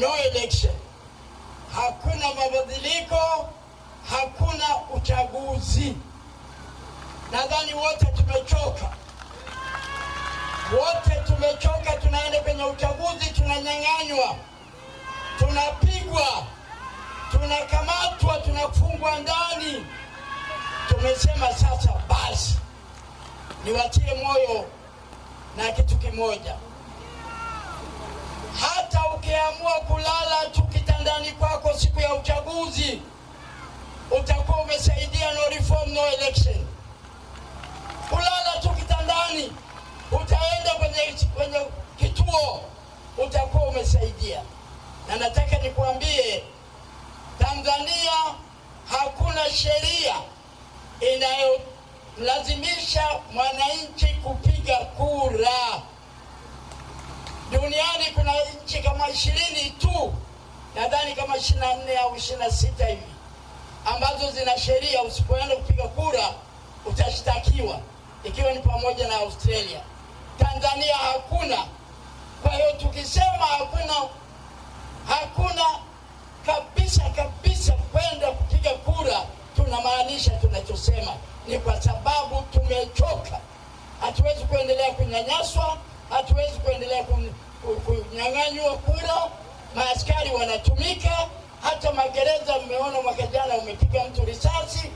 no election, hakuna mabadiliko, hakuna uchaguzi. Nadhani wote tumechoka, wote tumechoka. Tunaenda kwenye uchaguzi, tunanyang'anywa, tunapigwa, tunakamatwa, tunafungwa ndani. Tumesema sasa basi, niwatie moyo na kitu kimoja. siku ya uchaguzi utakuwa umesaidia no reform no election. Kulala tu kitandani, utaenda kwenye, kwenye kituo utakuwa umesaidia. Na nataka nikuambie Tanzania, hakuna sheria inayolazimisha mwananchi kupiga kura. Duniani kuna nchi kama ishirini tu nadhani kama ishirini na nne au ishirini na sita hivi ambazo zina sheria, usipoenda kupiga kura utashtakiwa, ikiwa ni pamoja na Australia. Tanzania hakuna. Kwa hiyo tukisema hakuna, hakuna kabisa kabisa kwenda kupiga kura, tunamaanisha tunachosema ni kwa sababu tumechoka. Hatuwezi kuendelea kunyanyaswa, hatuwezi kuendelea kunyang'anywa kura maaskari wanatumika. Hata magereza, mmeona mwaka jana umepiga mtu risasi